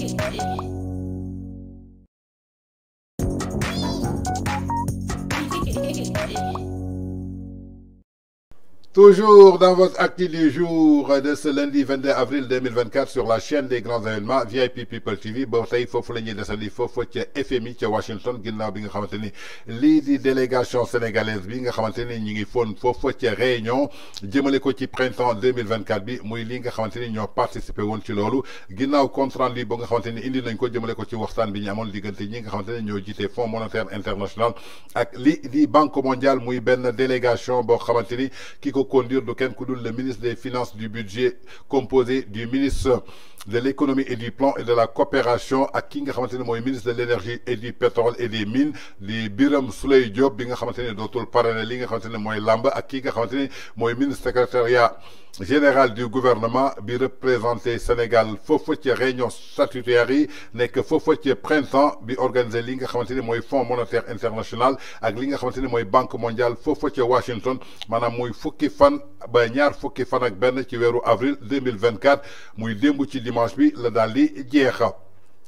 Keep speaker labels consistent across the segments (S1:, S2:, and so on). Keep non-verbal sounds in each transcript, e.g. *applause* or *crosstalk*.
S1: Thank *laughs* you.
S2: Toujours dans votre actu du jour de ce lundi 22 avril 2024 sur la chaîne des grands événements VIP People TV boo tey foofu la ñuy desandi foofu ca FMI ca Washington ginnaaw bi nga xamante ni lii di délégation sénégalaise bi nga xamante ni ngi foon foofu ca réunion jëmale ko ci printemps 2024 bi muy lii nga xamante participé woon ci loolu ginnaaw compte Li, ba nga xamante indi nañ ko jëmale ko ci waxtaan bi ñu amoon diggante ñi nga Fonds monétaire international ak lii di Banque mondiale muy benn délégation boo xamante ki conduire de Ken ku le ministre des finances du budget composé du ministre de l'économie et du plan et de la coopération ak ki nga ministre de l'énergie et du pétrole et des mines le Biram Souleye Diop bi nga du ne dootul li nga ministre secrétariat général du gouvernement bi représenté Sénégal Fofotier réunion statutaire n'est que Fofotier ci printemps bi organisé li nga fonds monétaire international ak li nga xamante banque mondiale Fofotier Washington Madame Moy, Fouki fan ba ñaar fukki fan ak benn ci weeru avril deux mille vingt quatre muy démb ci dimanche bi la daal di jeexa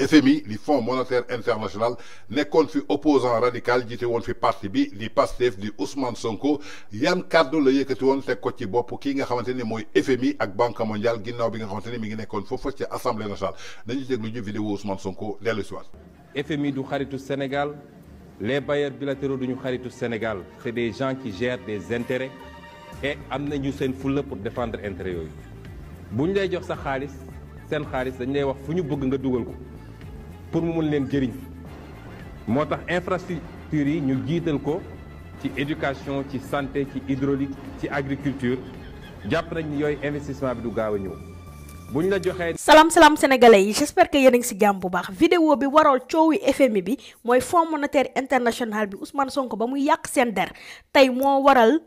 S2: FMI le Fonds monétaire international n'est fi opposant radical jiite woon fi parti bi di Pastef di Ousmane Sonko yan kàddu la yëkkati woon teg ko ci bopp pour nga xamante ni mooy FMI ak Banque mondiale ginnaaw bi nga xamante ni mi ngi nekkoon foofu ci assemblée nationale dañuy déglu ñu vidéo Ousmane Sonko dellu si waat.
S3: FMI du au Sénégal les bailleurs bilatéraux duñu au Sénégal c'est des gens qui gèrent des intérêts et am nañu seen fulla pour défendre intérêt yooyu bu ñu lay jox sa xaalis seen xaalis dañu lay wax fu bëgg nga ko. pour mu mën leen jëriñ moo tax infrastructure yi ñu jiital ko ci éducation ci santé ci hydraulique ci agriculture jàpp nañ ni yooyu investissement bi du gaaw a ñëw buñ la joxee salaam
S1: salaam sénégalais yi espère que yéen a ngi si jàmm bu baax vidéo bi waral coowi FMI bi mooy fonds monétaire international bi Ousmane Sonko ba muy yàq seen der tey moo waral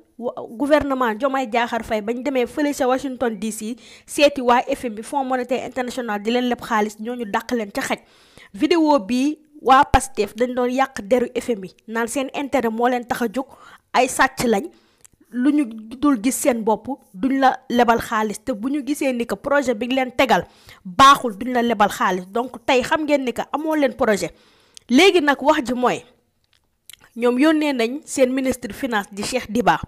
S1: gouvernement jomay jaaxar fay bañ demee fële sa Washington DC seeti waa FMI fonds monétaire international di leen leb xaalis ñooñu dàq leen ca xaj vidéo bi waa Pastef dañ doon yàq deru FMI naan seen intérêt moo leen tax a jóg ay sàcc lañ lu ñu dul gis seen bopp duñ la lebal xaalis te bu ñu gisee ni que projet bi leen tegal baaxul duñ la lebal xaalis donc tey xam ngeen ni que amoo leen projet léegi nag wax ji mooy ñoom yónnee nañ seen ministre finance di Cheikh Diba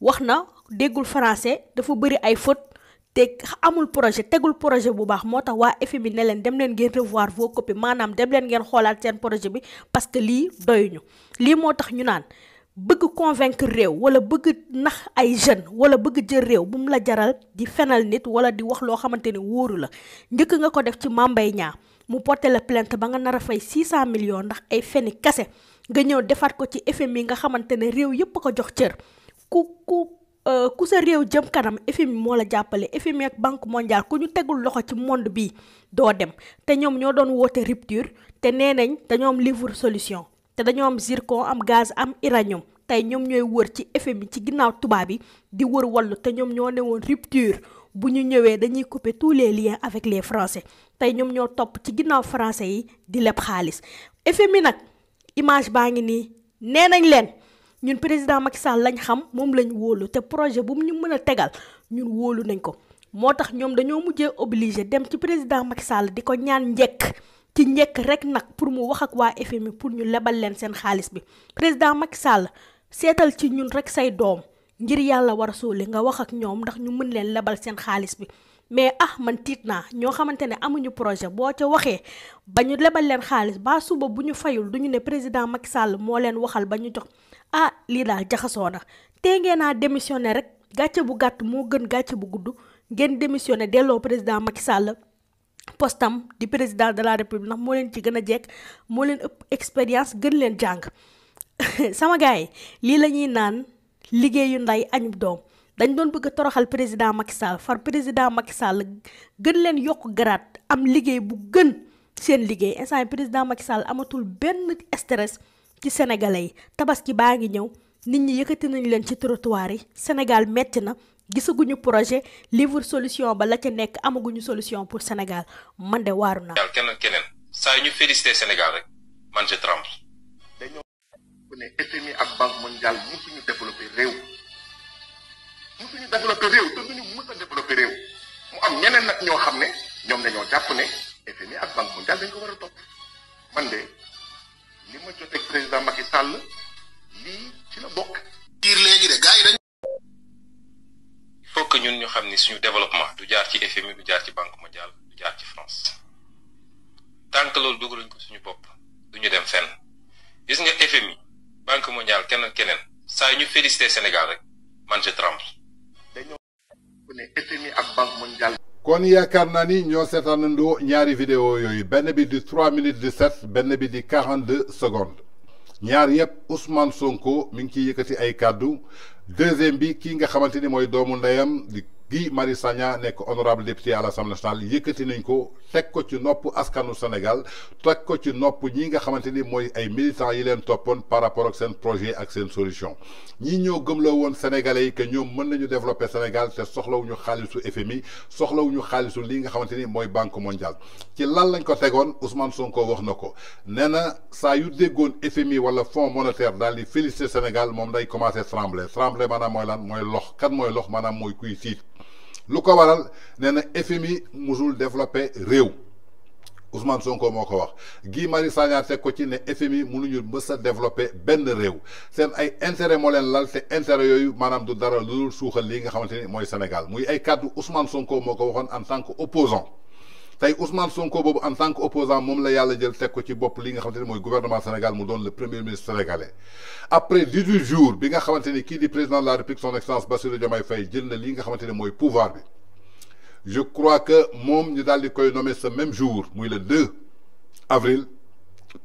S1: wax na déggul français dafa bëri ay faute te amul projet tegul projet bu baax motax wa waa FMI ne leen dem len ngeen revoir vos copies manam dem len ngeen xolal sen projet bi parce que li doyuñu li motax ñu naan bëgg convaincre réew wala bëgg nax ay jeune wala bëgg jël réew bu mu la jaral di fenal nit wala di wax loo xamante ni wóoru la njëkk nga ko def ci mambay ñaa mu porté la plainte ba nga nar a fay 600 millions ndax ay feni kase nga ñëw defaat ko ci FMI nga xamante ne réew yépp ko jox cër ku ku euh, ku sa réew jëm kanam FMI moo la jàppale FMI ak banque mondiale ku ñu tegul loxo ci monde bi doo dem te ñoom ñoo doon woote rupture te nee nañ dañoo livre solution te dañoo am zircon am gaz am iranium tey ñoom ñooy wër ci FMI ci ginnaaw tuba bi di wër wallu te ñoom ñoo ne rupture bu ñu ñëwee dañuy couper tous les liens avec les français tey ñoom ñoo topp ci ginnaaw français yi di leb xaalis FMI nag image baa ngi nii nee nañ ñun président Macky Sall lañ xam moom lañ wóolu te projet bu ñu mën a tegal ñun wóolu nañ ko moo tax ñoom dañoo mujjee obligé dem ci président Macky Sall di ko ñaan njekk ci njëkk rek nag pour mu wax ak waa FMI pour ñu lebal leen seen xaalis bi président Macky Sall seetal ci ñun rek say doom ngir yàlla war a suuli nga wax ak ñoom ndax ñu mën leen lebal seen xaalis bi mais ah man tiit naa ñoo xamante ne amuñu projet boo ca waxee ba ñu lebal leen xaalis ba suba bu ñu fayul du ñu ne président Macky Sall moo leen waxal ba ñu jox ah lii daal jaxasoo na tee ngeen naa démissionné rek gàcce bu gàtt moo gën gàcce bu gudd ngeen démissionné delloo président Macky Sall postam di président de la république ndax moo leen ci gën a jekk moo leen ëpp expérience gën leen jàng *laughs* sama gars yi lii la ñuy naan liggéeyu nday añub doom dañ doon bëgg a toroxal président Macky Sall far président Macky gën leen yokk garaat am liggéey bu gën seen liggéey instant président Macky Sall amatul benn stress ci sénégalais yi tabaski baa ngi ñëw nit ñi yëkkati nañ leen ci trottoir yi Sénégal metti na gisaguñu projet livre solution ba la ca nekk amaguñu solution pour Sénégal man de waaru naa.
S3: keneen keneen saa ñu félicité Sénégal rek man je tremble. dañoo ne FMI ak banque mondiale mësuñu développé réew mësuñu développé réew te duñu mës a mu am ñeneen nag ñoo xam ne ñoom dañoo jàpp ne FMI ak banque mondiale dañ ko war a topp man de. ma jotee président Macky Sall
S2: lii ci bokk. diir léegi de gars
S3: ñun ñu xam ni suñu développement du jaar ci FMI du jaar ci Banque mondiale du jaar ci France tant que loolu dugaluñ ko suñu bopp duñu dem fenn gis nga FMI Banque mondiale kenn keneen saa ñu félicité Sénégal rek man je tremble. dañoo
S2: ak Banque mondiale. kon yaakaar naa ni ñoo seetaanandoo ñaari vidéo yooyu benn bi di trois minutes dix-sept benn bi di quarante deux secondes ñaar yëpp Ousmane Sonko mu ngi ciy yëkkati ay kàddu deuxième bi kii nga xamante ni mooy doomu ndeyam di. Guy Marisanya, nek honorable député à l'Assemblée nationale yëkëti nañ ko tek ko ci nopp askanu Sénégal tek ko ci nopp ñi nga xamanteni ni ay militants yi leen topon par rapport ak sen projet ak sen solution ñi ñoo gëmlo won sénégalais yi que ñoom mën nañu développer Sénégal te soxlawuñu xaalisu FMI soxlawuñu xaalisu li nga xamanteni moy banque mondiale ci lan lañ ko tegoon Ousmane Sonko wax nako néna sa yu déggoon FMI wala fonds monétaire dal di féliciter Sénégal mom day commencer trembler trembler manam moy lan moy lox kan moy lox manam moy kuy tiit luko waral FMI musul développé réew Ousmane Sonko moko wax Guy Marius Sagna ko ci FMI développé réew ay intérêt mo len lal intérêt yoyu Mme du dara lu nga Sénégal muy Ousmane Sonko en tant que Ousmane Sonko bobu en tant qu'opposant, opposant la yalla jël tek ko ci bop li nga xamanteni moy gouvernement Sénégal mu donne le premier ministre sénégalais après 18 jours bi nga xamanteni ki président de la République son excellence Bassirou Diomaye Faye jël na li nga xamanteni moy pouvoir bi je crois que mom ñu dal di koy nommer ce même jour muy le 2 avril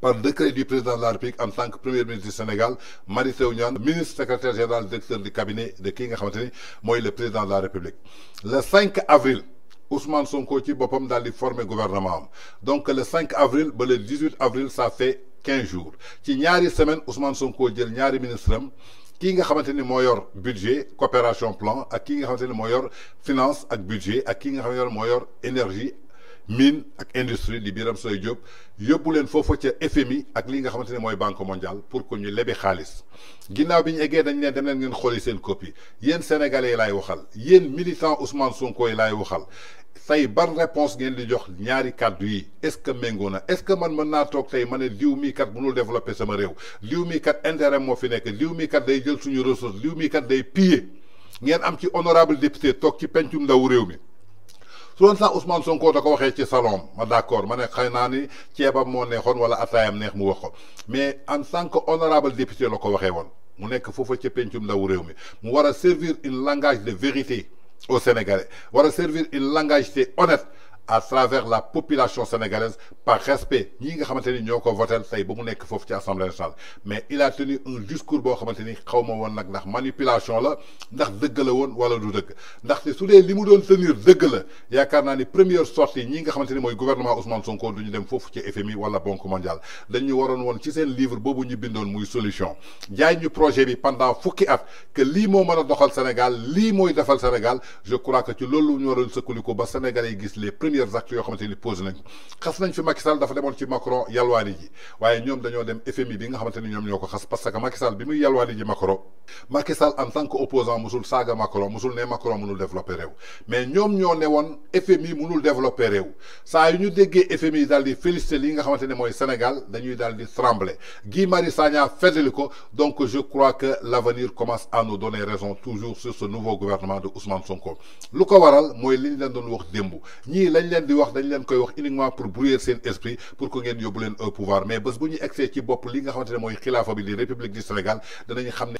S2: par décret du président de la République en tant que premier ministre du Sénégal Marie Teuw ministre secrétaire général directeur du cabinet de King nga le président de la République le 5 avril. Ousmane Sonko ci va daal di former gouvernement donc le 5 avril le 18 avril ça fait 15 jours a ñaari semaine Ousmane Sonko dit ñaari ministre am kii nga xamante ni budget coopération plan qui kii nga meilleur finances, finance budget qui kii nga meilleur énergie. miin ak industrie di biram sooy jóg yóbbu leen foofa ca FMI ak li nga xamante ne mooy banque mondiale pour que ñu lebi xaalis ginnaaw bi ñu eggee dañ leen dem leen ngeen xooli seen copie yéen sénégalais yi laay waxal yéen militant Ousmane Sonko yi laay waxal tey ban réponse ngeen di jox ñaari kàddu yi est-ce que méngoo na est-ce que man mën naa toog tey ma ne diw mii kat mënul développer sama réew diw mii kat moo fi nekk diw mii kat day jël suñu ressource diw mii kat day piller ngeen am ci honorable député toog ci pencum ndaw réew mi. su doon sax Ousmane Sonko waxee ci salon ma d'accord ma ne xëy naa ni ceebam moo neexoon wala ataayam neex mu wax ko mais en tant que honorable député la ko waxee woon mu nekk foofa ca pencum ndaw réew mi mu war a servir une langage de vérité aux Sénégalais war a servir une langage honnête à travers la population sénégalaise par respect ñi nga xamanteni ni voter ko bu mu nekk fofu ci assemblée nationale mais il a tenu un discours bo xamanteni xawma xaw nak ndax manipulation la ndax deug la won wala du deug ndax ci dee limu doon tenir deug la yaakaar naa ni première sortie ñi nga xamanteni ni gouvernement Ousmane Sonko duñu dem fofu ci FMI wala Banque mondiale dañu waron won ci sen livre bobu ñu bindon muy solution jaay ñu projet bi pendant fukki at que li mo meuna doxal Sénégal li moy defal Sénégal je crois que ci lolu ñu waroon sëkkaliku ba Sénégalais gis les premiers premiers actes yoo xamante ni posé nañ xas nañ fi Macky Sall dafa demoon ci Macron yalwaani ji waye ñom dañu dem FMI bi nga xamanteni ñom ñoko xass parce que Macky Sall bi muy yalwaani ji Macron Macky Sall en tant que opposant musul saga Macron musul ne Macron mënul développer rew mais ñom ño ne FMI mënul développer rew sa yu ñu déggé FMI daal di félicité li nga xamanteni moy Sénégal dañuy daal di trembler Guy Mari Sagna feddali donc je crois que l'avenir commence à nous donner raison toujours sur ce nouveau gouvernement de Ousmane Sonko lu ko waral moy li ñu leen doon wax dembu ñi lañ lañ di wax dañ leen koy wax uniquement pour brouiller seen esprit pour que ngeen yóbbu leen au pouvoir mais bés bu ñu egsee ci bopp li nga xamante ne mooy xilaafa bi di république du Sénégal danañ xam ne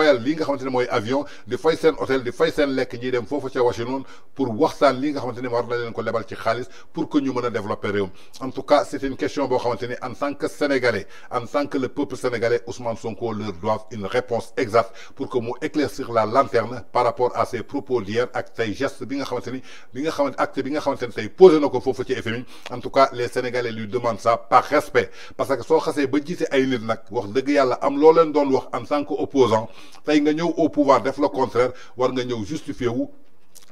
S2: fayal li nga xamante ne mooy avion di fay seen hôtel di fay seen lekk ñiy dem foofu ca Washington pour waxtaan li nga xamante ne war na leen ko lebal ci xaalis pour que ñu mën a développer réew en tout cas c'est une question boo xamante ni en tant que sénégalais en tant que le peuple sénégalais Ousmane Sonko leur doit une réponse exacte pour que mu éclaircir la lanterne par rapport à ses propos d'hier ak tey geste bi nga xamante ni bi nga xamante acte bi nga xamante ni tey posé na ko foofu ci FMI en tout cas les sénégalais lui demandent ça par respect parce que soo xasee ba jiite ay nit nag wax dëgg yàlla am loo leen doon wax en tant que opposant tey nga ñëw au pouvoir def le contraire war nga ñëw justifier wu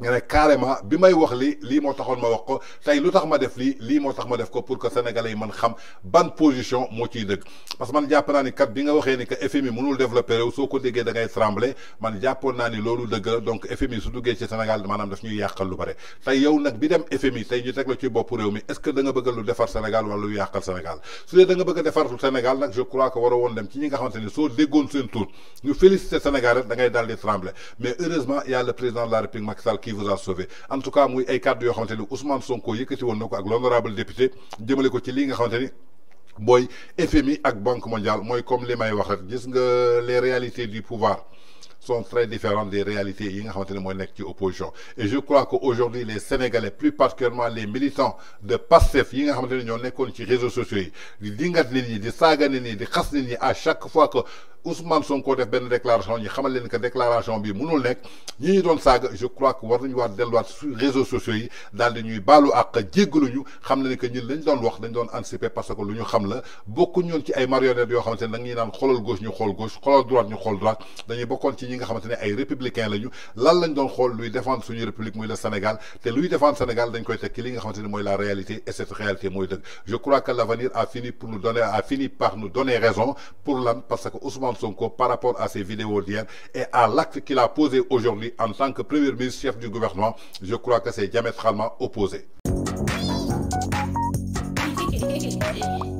S2: Mais ne carrément bi may wax li li mo taxone ma wax ko tay lu tax ma def li li mo tax ma def ko pour que sénégalais man xam ban position mo ciy deug parce que man jàpp naa ni kat bi nga waxé ni que FMI mënul développer réew soo ko déggee da ngay tremblé man jàppoon na ni lolu deug donc FMI su duggé ci Sénégal manam daf ñuy yàqal lu bari tay yow nak bi dem FMI tay ñu tek la ci bop réew mi est ce que da nga bëgg lu défar Sénégal wala lu yakal Sénégal su dé da nga bëgg défar defar Sénégal nak je crois que waro won dem ci ñi nga xamanteni so déggon sen seen tour ñu féliciter Sénégal rek da ngay daal di tremblé mais heureusement il y a le président de la République Macky Sall vous a sauvé en tout cas moi ay de yoo xamante Ousmane Sonko yëkkati woon ak l'honorable député jëmale ko ci lii nga Boy, Boy FMI ak Banque mondiale moi, comme les may disent que les réalités du pouvoir sont très différentes des réalités yi nga et je crois qu'aujourd'hui, les sénégalais plus particulièrement les militants de Pastef yi nga xamante ne ñoo sur ci réseaux sociaux yi di dingat nit des di saaga ni à chaque fois que Ousmane Sonko def ben déclaration ñu xamal leen que déclaration bi mënul nekk ñi ñu doon saaga je crois que war nañu war delluwaat su réseaux sociaux yi dal di ñuy ak àq jéggaluñu xam ne que ñi lañ doon wax dañ doon anticiper parce que luñu xam la bokku ñoon ci ay marionnettes yo xamante ne da ñuy naan xoolal gauche ñu xol gauche xolal droite ñu xol droite dañuy bokkon ci ñi nga xamante ay républicains lañu lan lañ doon xol luy défendre suñu république muy le Sénégal té luy défendre Sénégal dañ koy tek li nga xamante moy la réalité et cette réalité moy deug je crois que l'avenir a fini pour nous donner a fini par nous donner raison pour lan parce que Ousmane son corps par rapport à ses vidéos d'hier et à l'acte qu'il a posé aujourd'hui en tant que Premier ministre chef du gouvernement, je crois que c'est diamétralement opposé.
S1: *laughs*